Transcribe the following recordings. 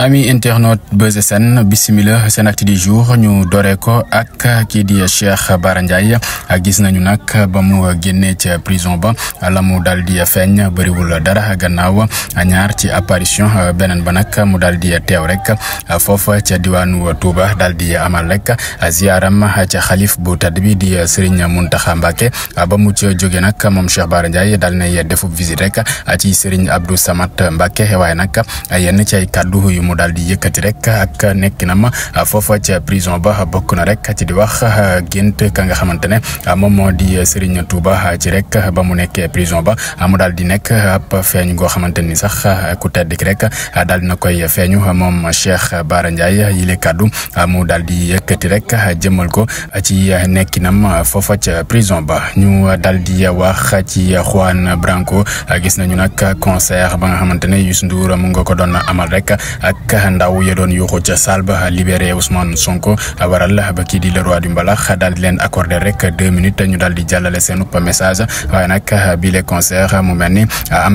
ami internaute Buzz SN bisimila seen acte du jour ñu doree ko ak kii di Cheikh Bara a gis nañu nag ba mu génnee ca prison ba la mu daal di feeñ bëriwul dara gannaaw ñaar ci apparition beneen ba nag mu daal di teew rek foofa ca diwaanu Touba daal di amal rek ziaram ca xalif bu tedd bi di Serigne Mountakha Mbacké ba mu ca jóge nag moom Cheikh Bara Ndiaye daal nay defub visite rek ci Serigne Abdou Samad Mbacké waaye nag yenn ci ay mu daal di yëkkati rek ak nekkinam foofa prison ba bokk na rek ci di wax gént ka nga xamante ne moom moo di Serigne a ci rek ba mu nekkee prison ba a daal di nekk ab feeñ goo xamante ni sax ku tedd ki rek daal dina koy feeñu moom Cheikh Bara Ndiaye yile kàddu mu daal di yëkkati rek jëmal ko ci nekkinam foofa ca prison ba ñu daal di wax ci Juan Branco gis nañu nag concert ba nga xamante ne Youssou Ndour mu nga ko doon amal rek ak ka ndaw ya doon le roi du mbalax daal di leen accordé rek deux minutes ñu daal nag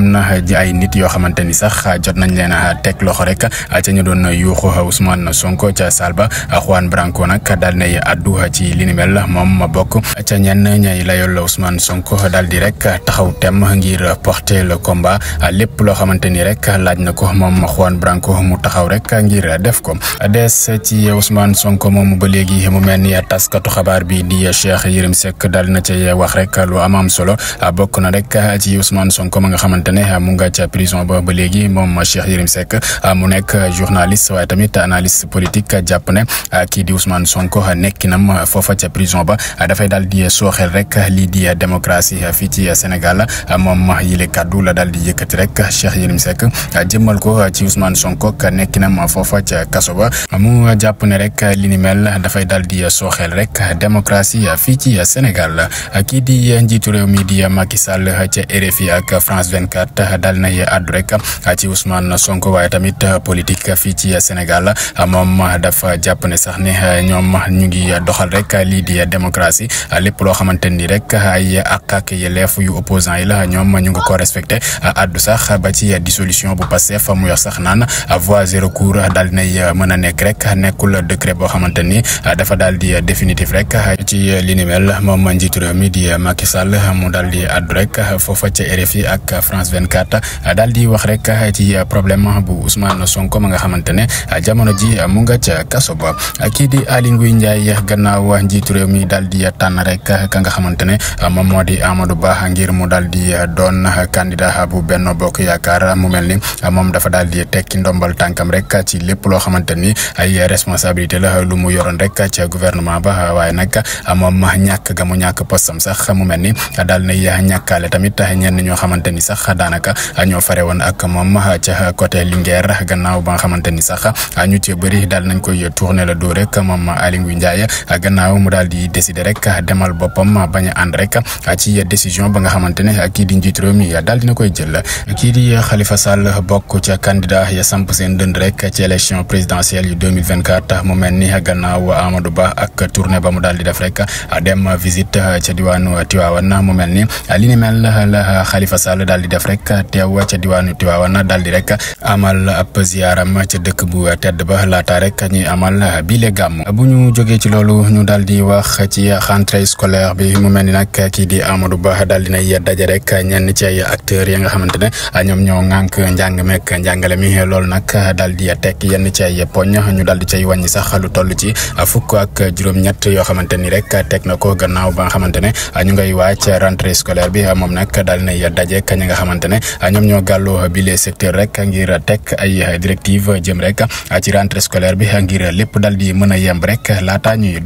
na ay nit yoo xamante ni sax jot nañ leen a teg loxo rek a ñu doon yuuxu Ousmane Sonko ca salle a Juan Branco nag daal nay addu ci li ni mel moom ma bokk ca ñenn ñay layool Ousmane Sonko daal di rek taxaw tem ngir porter le combat lépp loo xamante ni rek laaj na ko moom Juan Branco mu tax taxaw rek ngir def ko des ci Ousmane Sonko moom ba léegi mu mel ni taskatu xabaar bi di Cheikh Yérim Seck daal na cay wax rek lu am am solo bokk na rek ci Ousmane Sonko ma nga xamante ne mu nga ca prison ba ba léegi moom Cheikh Yérim Seck mu nekk journaliste waaye tamit analyste politique jàpp ne kii di Ousmane Sonko nekkinam foofa ca prison ba dafay daal di sooxel rek lii di démocratie fii ci Sénégal moom yile kàddu la daal di yëkkati rek Cheikh Yérim Seck jëmmal ko ci Ousmane Sonko nekkinam foofa ca kaso ba mu jàpp ne rek li ni mel dafay dal di sooxeel rek démocratie fii ci Sénégal kii di njiitu réew mi di Macky Sall ca RFI ak France 24 dal nay àddu rek ci Ousmane sonk waaye tamit politique fii ci Sénégal moom dafa jàpp ne sax ni ñoom ñu ngi doxal rek lii di démocratie lépp loo xamante ni rek ay àq ak yelleef yu opposant yi la ñoom ñu ngi ko respecté àddu sax ba ci dissolution bu Pastef mu yor sax naan voies déposer recours daal di nay euh, mën a nekk rek nekkul décret boo xamante ni euh, dafa daal di euh, définitif rek ci li ni mel moom njiitu réew mi di Macky Sall mu daal di àddu rek foofa ca RFI ak France 24 daal di wax rek ci problème bu Ousmane Sonko ma nga xamante ne jamono ji mu nga ca kaso ba kii di Aly Ngouille Ndiaye gannaaw njiitu réew mi dal di tànn rek ka nga xamante ne moom moo di Amadou Ba ngir mu dal di doon candidat bu Benno Bokk Yaakaar mu mel itam a ci lépp loo xamante ni ay responsabilité la lu mu yoroon rek ca gouvernement ni daal nay ñàkkaale tamit ñenn ñoo xamante ni sax daanaka ñoo fare woon ak moom ca côté ni sax ñu ci bëri daal nañ koy tourner le dos rek moom di décider a ànd rek ba nga xamante ne kii di njiit réew mi daal dina koy jël kii di Khalifa Sall bokk ca candidat ya samp seen dënd rek ci élection présidentielle yu 2024 mu mel ni a gannaaw Amadou Ba ak tournée ba mu daal di def rek dem visite ca diwaanu Tivaouane mu mel ni li ni mel la Khalifa Sall daal di def rek a teew ca diwaanu Tivaouane daal di rek amal ab ziaram ca dëkk bu tedd ba laata rek ñuy amal bile gàmm bu ñu jogee ci loolu ñu daal di wax ci rentrée scolaire bi mu mel ni nag kii di Amadou Ba daal di nay daje rek ñenn ci ay acteurs yi nga xamante ne ñoom ñoo ŋànk njàng njàngale mi loolu nag. daal di teg yenn ci ay poñ ñu daal di cay wàññi sax lu toll ci fukk ak juróom-ñett yoo xamante ni rek teg na ko gannaaw ba nga xamante ne ñu ngay waaj rentrée scolaire bi moom nag daal di nay daje ak ñi nga xamante ne ñoom ñoo gàllu bi les secteurs rek ngir teg ay directive jëm rek ci rentrée scolaire bi ngir lépp daal di mën a yemb rek laata ñuy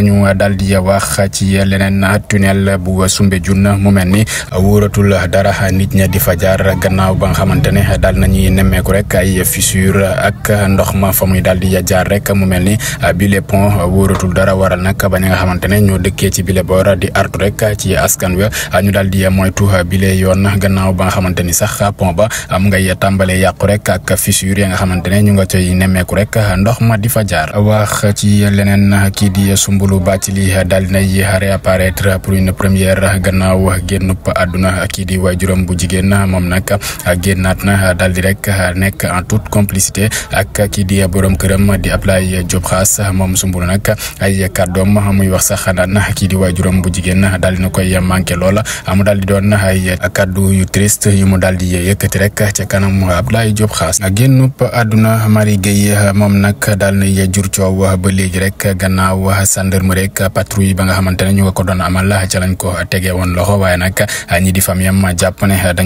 ñu daal di wax ci leneen tunnel bu Soumbédioune mu mel ni wóoratul dara nit ña di fa jaar gannaaw ba nga xamante ne daal nañuy dañuy nemmeeku rek ay fissure ak ndox ma fa muy daal di jaar rek mu mel ni ah, bile pont wooratul dara waral nag ba ñi nga xamante ne ñoo dëkkee ci bile boor di artu rek ci askan wi ah, ñu daal di moytu bile yoon gannaaw ba nga xamante ni sax pont ba am nga ngay tàmbalee yàqu rek ak fissure ya nga xamante ne ñu nga cay nemmeeku rek ndox ma di fa jaar wax ci leneen kii di Soumboulou Bathily daal di nay réapparaître pour une première gannaaw génnub àdduna kii di waajuram bu jigéen moom nag génnaat na daal di rek nag euh, nekk en tout complicité ak kii di borom këram di Ablaye Diop Xaas moom Soumboulou nag ay kàddoom muy wax sax naan kii di waajuram bu jigéen daal di na koy manqué loola mu daal di doon ay kàddu yu triste yu mu dal di yëkkati rek ca kanam Ablaye Diop Xaas génnup àdduna Marie Guèye moom nag daal na jur coow a léegi rek gannaaw a gendarmerie rek patrouille ba nga xamante ne ñu nga ko doon amal ca lañ ko tege woon loxo waaye nag ñi di famiyam jàpp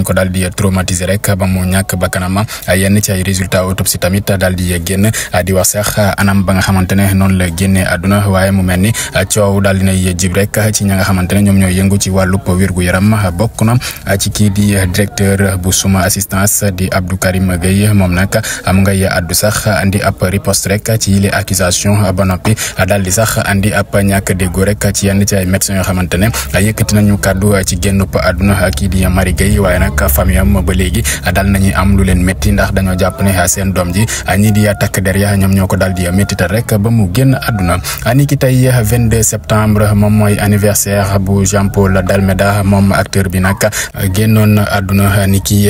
ko daal di traumatiser rek ba mu ñàkk bakkanam également yenn ci ay résultats autopsie tamit daal di génn di wax sax anam ba nga xamante ne noonu la génne àdduna waaye mu mel ni coow daal di nay jib rek ci ña nga xamante ne ñoom ñooy yëngu ci wàllub wér-gu-yaram bokk na ci kii di directeur bu suma assistance di Abdou Karim Gueye moom nag mu ngay àddu sax andi ab riposte rek ci yile accusation ba noppi daal di sax andi ab ñàkk déggoo rek ci yenn ci ay médecins yoo xamante ne yëkkati nañu kàddu ci génnup àdduna kii di Marie Gueye waaye métti ndax dañoo jàpp ne seen doom ji ñii di takk der ya ñoom ñoo ko daal di méttital rek ba mu génn àdduna ni ki tey 22 septembre moom a anniversaire bu Jean Paul Dalméda moom ni ki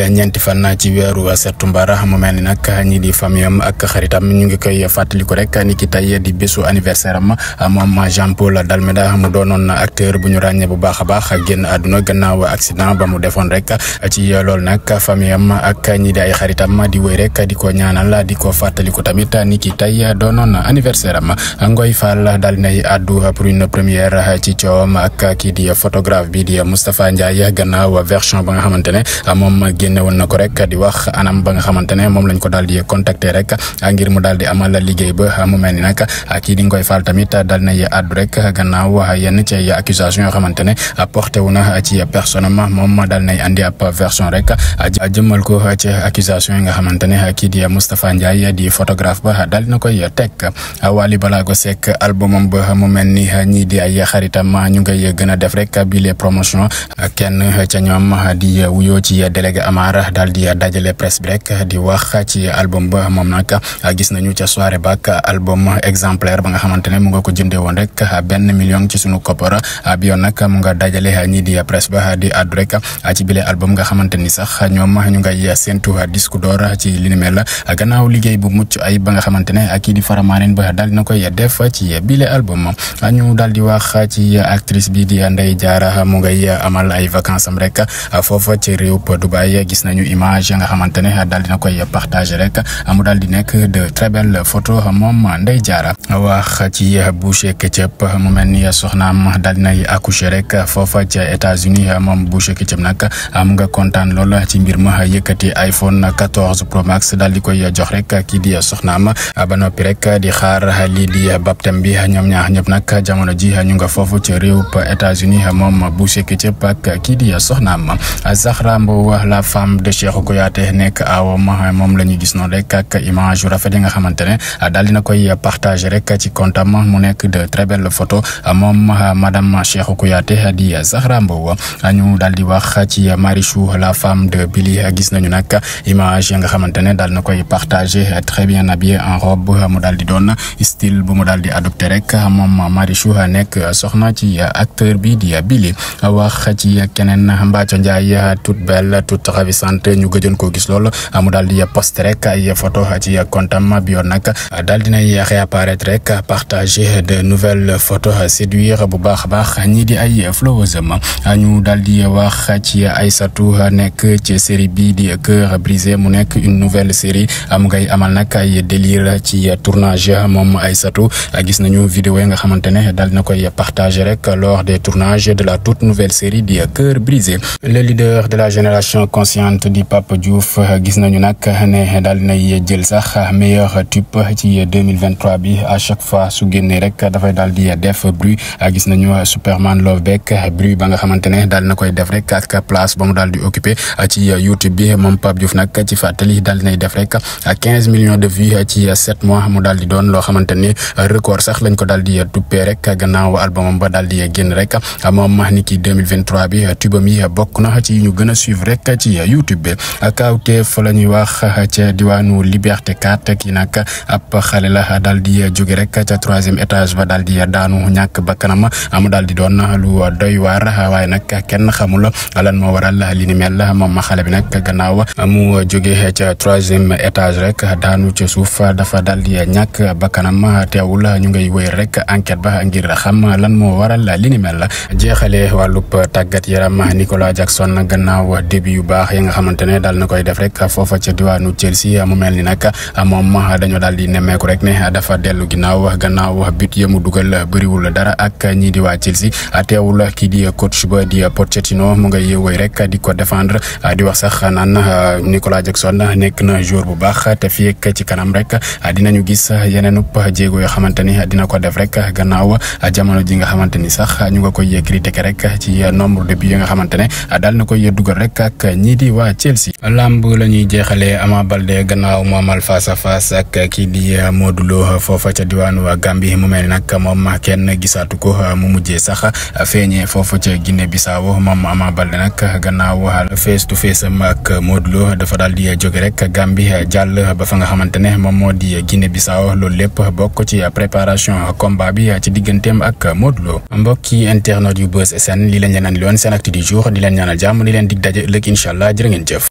mu mel ni nag di famiyam ak ñu ngi koy fàttaliku rek ni ki tey di bésu anniversaire am moom Jean Paul Dalméda mu doonoon acteur bu ñu ràññee bu baax a baax génn àdduna gannaaw accident ba mu defoon rek ci loolu nag famiyam ak ñii di ay xarit itam di wéy rek di ko ñaanal di ko fàttaliku tamit ni ki tey doonoon anniversaire am Ngoy Fall daal nay àddu pour une première ci coom ak kii di photographe bi di Moustapha Ndiaye gannaaw version ba nga xamante ne moom génne woon na ko rek di anam ba nga xamante ne moom lañ ko daal di contacter rek ngir mu daal di amal liggéey ba mu mel ni nag kii di Ngoy Fall tamit dal na nay àddu rek gannaaw yenn ci accusation yoo xamante ne porté wu na ci personne ma moom daal nay andi ab version rek jëmal ko ci révélation yi nga xamante ne kii di Moustapha Ndiaye di photographe ba daal dina koy teg Wally Ballago Seck albumam ba mu mel ñu ngay gën a def rek bi les promotion kenn ca ñoom di wuyoo ci délégué Amar daal di dajale presse bi rek di wax ci album ba moom nag gis nañu ca soirée ba ak album exemplaire ba nga xamante ne mu nga ko jëndee woon rek benn million ci sunu koppar bi yoon nag nga dajale ñii a presse ba di àddu rek ci bile album nga xamante ni sax ñoom ñu ngay séntu discours Takku Door ci li ni mel gannaaw liggéey bu mucc ay ba nga xamante ne ak kii di Faramaren ba daal dina def ci bile album ñu daal di wax ci actrice bi di Ndeye Diarra mu ngay amal ay vacances am rek foofa ci réew Dubaï gis nañu image nga xamante ne daal dina koy partager rek mu daal di nekk de très belle moom Ndeye Diarra wax ci Boucher Ketchup mu mel ni soxnaam daal dinay accoucher rek foofa ca États-Unis moom Boucher Ketchup nag mu nga kontaan lool ci mbir ma yëkkati iPhone 14 Pro Max daal di koy jox rek kii di soxnaam ba noppi rek di xaar lii di baptême bi ñoom ñaar ñëpp nag jamono ji ñu nga foofu ci réewum États-Unis moom bu sekk cëpp ak kii di soxnaam Zahra Mbow la femme de Cheikhou Kouyaté nekk awam moom la ñu gis noonu rek ak image yu rafet yi nga xamante ne daal dina koy partager rek ci comptam mu nekk de très belle photo moom madame Cheikhou Kouyaté di ñu daal di wax ci Marichou la femme de Billy gis nañu nag image ya nga xamante ne daal na koy partagé eh, très bien habillé en robe eh, mu daal di doon style bu mu daal di adopté rek moom Marichou nekk soxna ci eh, acteur bi di a wax ci keneen Mbathio a toute belle toute ravissante ñu gëjoon koo gis lool mu daal di poste rek ay photo ci comptam bi yoon nag daal dinay réapparaître rek partager de nouvelles photos séduire bu baax a ñii di ay flowsam ñu daal di wax ci Aïssatou nekk ci série bi di loolee mu nekk une nouvelle série mu ngay amal nag ay délire ci tournage moom Aïssatou gis nañu vidéo yi nga xamante ne daal na koy partager rek lors des tournages de la toute nouvelle série di Cœur brisé le leader de la génération consciente di Pape Diouf gis nañu nag ne daal nay jël sax meilleur tube ci 2023 bi à chaque fois su génnee rek dafay daal di def bruit gis nañu Superman Love Beck bruit ba nga xamante ne daal na koy def rek ak place ba mu di ci fàttali daal di nay def rek quinze millions de vues a sept mois mu daal di doon loo xamante ni record sax lañ ko daal di tuppee rek gannaaw albumam rek ki na a suivre rek ci la ñuy wax ca diwaanu Liberté 4 kii nag ab di jóge rek ca ba daal di daanu ñàkk bakkanam mu daal di doon lu doy waar waaye nag kenn xamul lan moo waral li ni mel xale bi nag gannaaw mu jóge ca troisième étage rek daanu ca suuf dafa daal di ñàkk bakkanam teewul ñu ngay wéy rek enquête ba ngir xam lan moo waral li ni mel la jeexale wàllub tàggat yaram Nicolas Jackson gannaaw début yu baax yi nga xamante ne daal na koy def rek foofa ca diwaanu Chelsea mu mel ni nag moom dañoo daal di nemmeeku rek ne dafa dellu ginnaaw gannaaw but ya mu dugal bëriwul dara ak ñii di waa Chelsea teewul kii di coach ba di Pochettino mu ngay wéy rek di ko défendre di wax sax naan Nicolas Jackson nekk na joueur bu baax te fii ak ci kanam rek ñu gis yeneen jéego yoo xamante ni dina ko def rek gannaaw jamono ji nga xamante ni sax ñu nga koy critiquer rek ci nombre de buts yi nga xamante ne daal na koy dugal rek ak ñii di waa Chelsea. Lamb la ñuy jeexalee Ama Baldé gannaaw mu amal face à face ak kii di Modou Lo foofa ca diwaanu Gambie mu mel nag moom kenn gisaatu ko mu mujjee sax feeñee foofu ca Guinée Bissau moom Ama Baldé nag gannaaw daal di jóge rek Gambie jàll ba fa nga xamante ne moom moo di Guinée Bissau loolu lépp bokk ci préparation a combat bi ci digganteem ak Modou Lo mbokki internet yu Buzz SN lii lañ leen andi loon seen acte du jour di leen ñaanal jàmm di leen dig daje ëllëg incha allah jërë ngeen jëf.